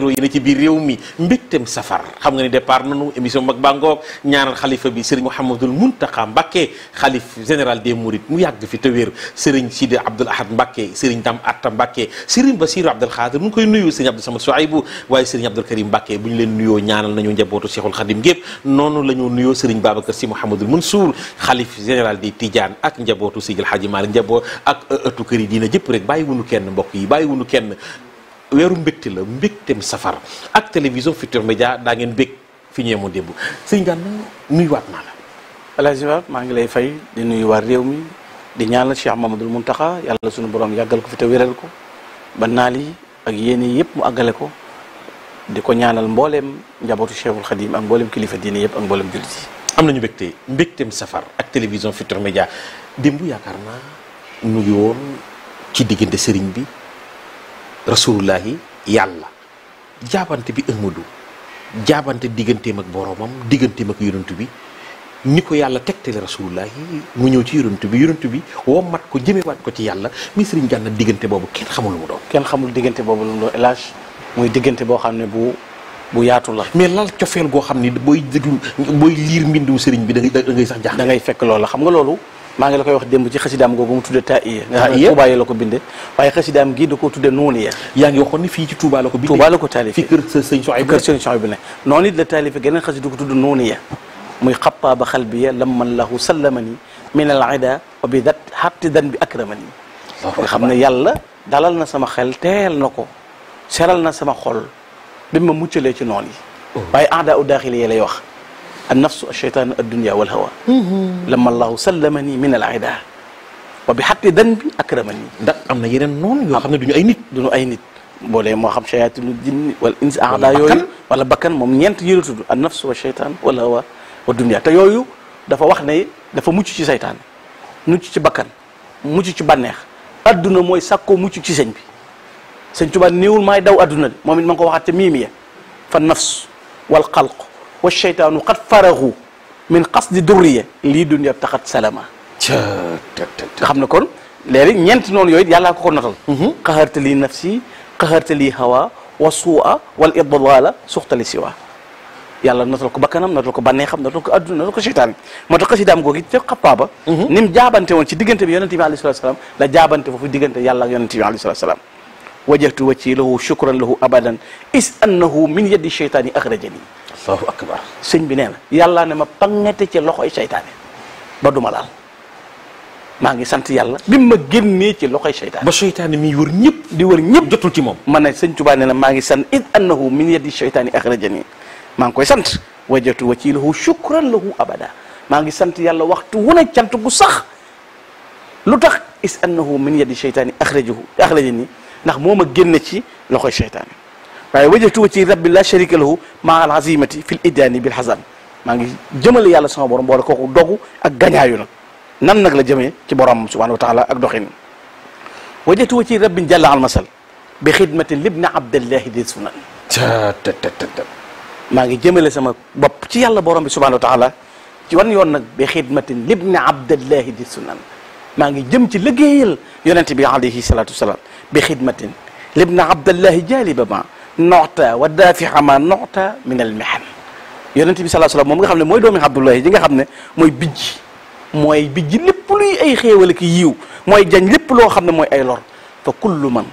partenaires yi ne ci biir réew mi mbégtem safar xam nga ni départ nanu émission ba bangoog ñaanal xalifa bi sëriñ Mouhamadul Muntaqa Mbacke xalif général des Mourides mu yàgg fi te wér sëriñ Sidi Abdoul Ahad Mbacke sëriñ Dam Atta Mbacke sëriñ Basiru Abdul Xaadir mu ngi koy nuyu sëriñ Abdou ay Soaibou waaye sëriñ Abdul Karim Mbacke bu ñu leen nuyoo ñaanal nañu njabootu Cheikhul Khadim gépp noonu la ñu nuyoo sëriñ Babacar Si Mouhamadul Mansour xalif général des Tidiane ak njabootu Sidil Hadji Malick njaboot ak ëttu kër yi diina rek bàyyi kenn mbokk yi bàyyi kenn weeru mbégte la mbégtem safar ak télévision Futur Média daa ngeen bég fi ñëwee mu démb sëñ Gana nuyuwaat naa la. maa ngi lay fay di nuyu waa réew mi di ñaanal Cheikh Mamadou taxa yàlla sunu borom yàggal ko fi te wéral ko ba naal yi ak yéen yëpp mu àggale ko di ko ñaanal mbooleem njabootu Cheikhul Khadim ak mbooleem kilifa diine yëpp ak mbooleem jullit yi. am ñu mbégte mbégtem safar ak télévision Futur Média démb yaakaar naa nuyu woon sëriñ bi. rasulullahi yàlla jaabante bi Ahmadu jaabante digganteem ak boroomam digganteem ak yonent bi ni ko yàlla teg tegtale rasulullahi mu ñëw ci yonent bi yonent bi woo mat ko jëmewaat ko ci yàlla mi sëriñ na diggante boobu kenn xamul lu mu doon. kenn xamul diggante boobu lu mu doon elage muy diggante boo xam ne bu bu yaatu la. mais lal cofeel goo xam ni booy déglu booy liir mbindum sëriñ bi da ngay sax jaaxle. da ngay fekk loola xam nga loolu. maa ngi la koy wax démb ci xasidaam googu mu tudde taiya nga xam ne Touba la ko binde waaye xasidaam gi da koo tudde noonu ya yaa ngi waxoon ni fii ci Touba la ko binde Touba la ko taalif fi kër sëñ Soxaybu kër sëñ Soxaybu ne noonu la taalife geneen xasida ko tudde noonu ya muy xappaa ba xal bi ya lamman lahu sallamani min al ida wa bi dat xatti dan bi akramani nga xam ne yàlla dalal na sama xel teel na ko seral na sama xol bi ma muccalee ci noon yi oh. waaye aada u daaxili yi lay wax annafsu alcheytaan wa walhawa lama allahu sallamani min al aida wa bi xatti dan bi akramani da am na yeneen noonu yoo xam ne duñu ay nit duñu ay nit boole moo xam chayatinu jinni wala insi ahda yooyu wala bakkan moom ñeent yi la tudd an nafsu wa cheytaan wal hawa wa dunia te yooyu dafa wax ne dafa mucc ci saytaan mucc ci bakkan mucc ci bànneex adduna mooy sàkkoo mucc ci sëñ bi sëñ Tuubaa néewul maay daw adduna de moom it ma ngi ko waxaat ca miimiya wa cheytaanu xat faraxu min qasdi durriya lii dunya taxat salama nga xam ne kon léegi ñeent noonu yooyu yàllaa ko ko notal mhm. qaharta li nafsi qaharta li hawa wa suua wal idlala suxtali siwa yàlla notal ko bakkanam notal ko bànneexam notal ko adduna notal ko seytaan bi moo tax xasidaam googi ca xapaaba mhm. ni mu jaabante woon ci diggante bi yonente bi alayhi salaam la jaabante foofu diggante yàlla ak yonente bi alayhi salaam wajjahtu wajhi lahu shukran lahu abadan is annahu min yadi shaytaani axrajani allahu akbar sëñ bi nee na yàllaa ne ma pangate ci loxoy seytaane ba duma laal maa ngi sant yàlla bi ma génnee ci loxo loxoy seytaane ba seytaane mi wër ñëpp di wër ñëpp jotul ci moom ma ne sëñ Tuubaa nee maa ngi sant is annahu min yadi shaytaani axrajani maa ngi koy sant wajjahtu wajhi lahu shukran maa ngi sant yàlla waxtu wu ne cant gu sax lu tax is annahu min yadi shaytaani axrajahu axrajani ndax moo ma génn ci loxoy seytaane waaye wajatu ci rabbi la sharika lahu maa al azimati fil idaani bil hasan maa ngi jëmale yàlla sama borom boole kooku dogu ak gañaayu nag nan nag la jëmee ci borom subhanahu wa taala ak doxin wajatu ci rabbin jalla al masal bi xidmatin libni abdallahi di sunan maa ngi jëmale sama bopp ci yàlla borom bi subhanahu wa taala ci wan yoon nag bi xidmatin libni abdallahi di sunan maa ngi jëm ci liggéeyal yonente bi alayhi salatu wasalaam bi xidmatin libna abdallahi jaaliba ma noxta wa daafixa ma noxta min al mehan yonente bi salaa salaam moom nga xam ne mooy doomi abdullahi ji nga xam ne mooy bijji mooy bijji ay xéewal ki yiw mooy jañ lépp loo xam ne mooy ay lor fa kullu man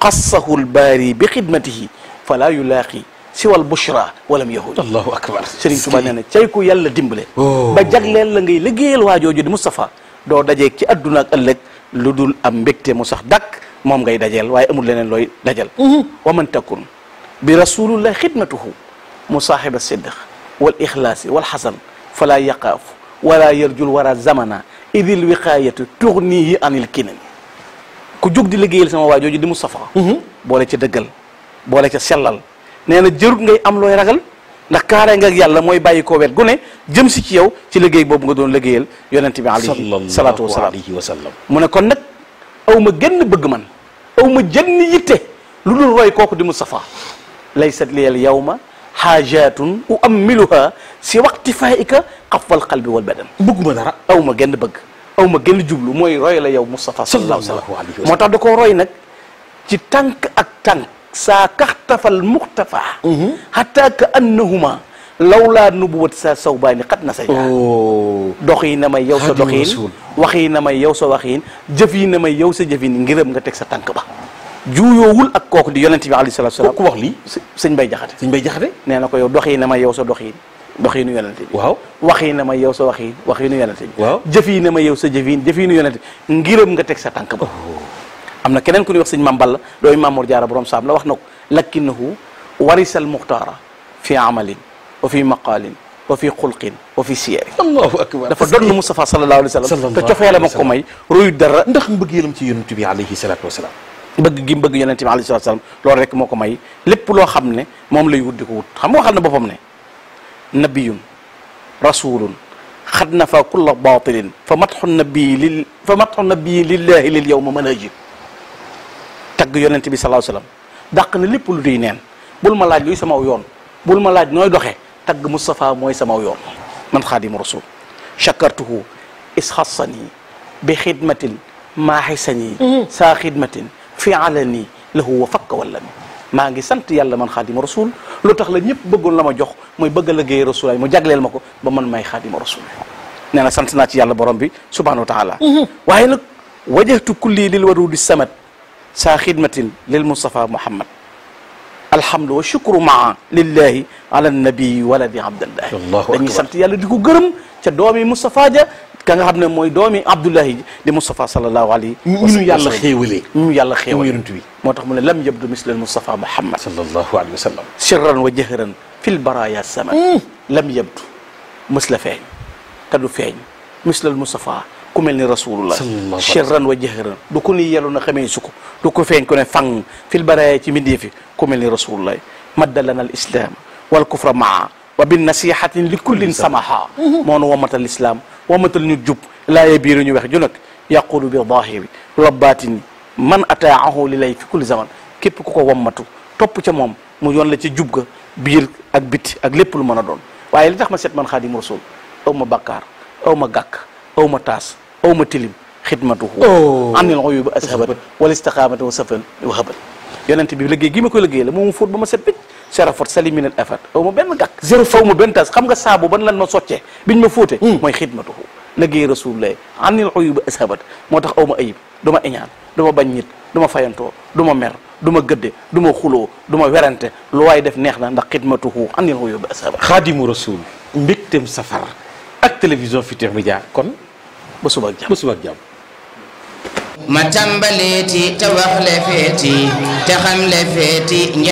qassahu lbaari bi xidmatihi fala yulaaqi siwal bushra walam yahud allahu akbar Sëriñ Tuubaa nee na cay ku yàlla dimbale oh. ba jagleel la ngay liggéeyal waajooju di Moustapha doo dajeeg ci adduna ak ëllëg lu dul am mbégte mu sax dàkk moom ngay dajeel waaye amul leneen looy dajal mhm. wa man takun bi rasulullah xidmatuhu musaahiba siddiq wal ixlaasi wal xasan falaa yaqaafu wala yarjul wara zamana idil wiqaayatu tuxnihi anil kinami ku jug di liggéeyal sama waa jooju di mu safa mhm. boole ca dëggal boole ca sellal nee na jërut ngay am looy ragal ndax kaare nga ak yàlla mooy bàyyi koo wet gu ne jëm si ci yow ci liggéey boobu nga doon liggéeyal yonente bi alayhi salaatu wasalaam mu ne kon nag aw ma genn bëgg man aw ma jenn yitte lu dul roy kooku di Mustafa laysat liyal yawma xaajaatun u ammiluha si waqti faayika xafwal xalbi wal badan bëgguma dara aw ma genn bëgg aw ma genn jublu mooy roy la yow Mustafa sallallahu alayhi wa sallam moo tax da koo roy nag ci tànk ak tànk saa kaxtafal muxtafa xataa mhm. ka annahuma lawlaa nubuwat sa saw baani xat na sa oh. dox yi na may yow sa dox yi wax yi na may yow sa wax yi jëf yi na may yow sa jëf ngirëm nga teg sa tànk ba juuyoowul ak kooku di yonente bi alayhi salaatu salaam ku wax lii sëñ bay jaxate sëñ bay jaxate nee na ko yow dox yi na may yow sa dox yi dox yi nu yonente bi waaw wax yi na yow sa wax yi wax yi nu yonente bi waaw jëf yi na may yow sa jëf yi yi nu yonente bi ngirëm nga teg sa tànk ba oh. am na keneen ku ñuy wax sëñ Mame Balla dooy Mamour Diarra borom saam la wax na ko lakinnahu warisal muxtaara fi amalin wa fi maqaalin wa fi xulqin wa fi siyari allahu akbar dafa donn Moustapha sallallahu alayhi wa sallam te cofee la ma ko may royu dara ndax mbëggeelam ci yonent bi alayhi salaatu wasalaam bëgg gi bëgg yonent bi alayhi salaatu wasalaam loolu rek moo ko may lépp loo xam ne moom lay wut di ko wut xam nga waxal na boppam ne nabiyun rasulun xad na fa kulla baatilin fa matxu nabii lil fa matxu nabii lillahi lil yowma manajib tagg yonent bi sallallahu alayhi wa sallam dàq na lépp lu duy neen bul ma laaj luy sama yoon bul ma laaj nooy doxee tagg Moustapha mooy sama yoon man xaadimu rasul chakartuhu isxassani bi xidmatin maaxisani mhm. saa xidmatin fi alani lahu wa fakka walla mi maa ngi sant yàlla man xaadimu rasul lu tax la ñëpp bëggoon la ma jox mooy bëgg a liggéey rasulaay mu jagleel ma ko ba man may xaadimu rasul nee na sant naa ci yàlla borom bi subhanahu wa taala mhm. waaye nag wajahtu kulli lil warudi samat saa xidmatin lil Moustapha Muhammad alhamdu wa shukru maa lillahi ala nabii waladi abdallahi dañuy sant yàlla di ko gërëm ca doomi Moustapha ja ka nga xam ne mooy doomi Abdullahi di Moustapha sallallahu alayhi ñunu yàlla xéewalee ñunu yàlla xéewal yonent bi moo tax mu ne lam yabdu misla Moustapha Muhammad sallallahu alayhi wa sallam sirran wa jahran fil baraya saman mm. lam yabdu mës la feeñ te du feeñ misla Moustapha ku mel ni rasulullah sherran wa jahran du ku ni yelu na xamee su ko du ko feeñ ko ne fang fil baraaya ci mindee fi ku mel ni rasulullah madda lana al islam wal kufra maa wa bin nasihatin li kullin samaha mhm. moo nu wamatal islam wamatal ñu jub laaye biiru ñu wax ju nag yaqulu bi dahiri la baatini man ataahu li lay fi ku wammatu topp ca moom mu yoon la ca jub ga biir ak biti ak lépp lu mën a doon waaye li tax ma set man xaadim rasul aw ma bakkaar aw ma gàkk aw ma taas aw ma tilim xidmatuhu oh. anil uyuba ashabat wala istiqamata wa safan wa habal yonent bi liggéey gi ma ko liggéey la moom fóot ba ma set picc serafat sali minal afat aw benn gàkk zéro faw ma benn xam nga saabu ban lan ma soccee biñ ma fóote hmm. mooy xidmatuhu liggéey rasulullah anil uyuba ashabat moo tax aw ma ayib du ma iñaan du bañ nit du ma fayantoo du ma mer du ma gëdde du ma xuloo duma werante lu waaye def neex na ndax xidmatuhu anil uyuba ashabat xaadimu rasul mbégtem safar ak télévision Futurs Médias kon ba suba ak jàmm ba suba ak jàmm ma tàmbaleeti te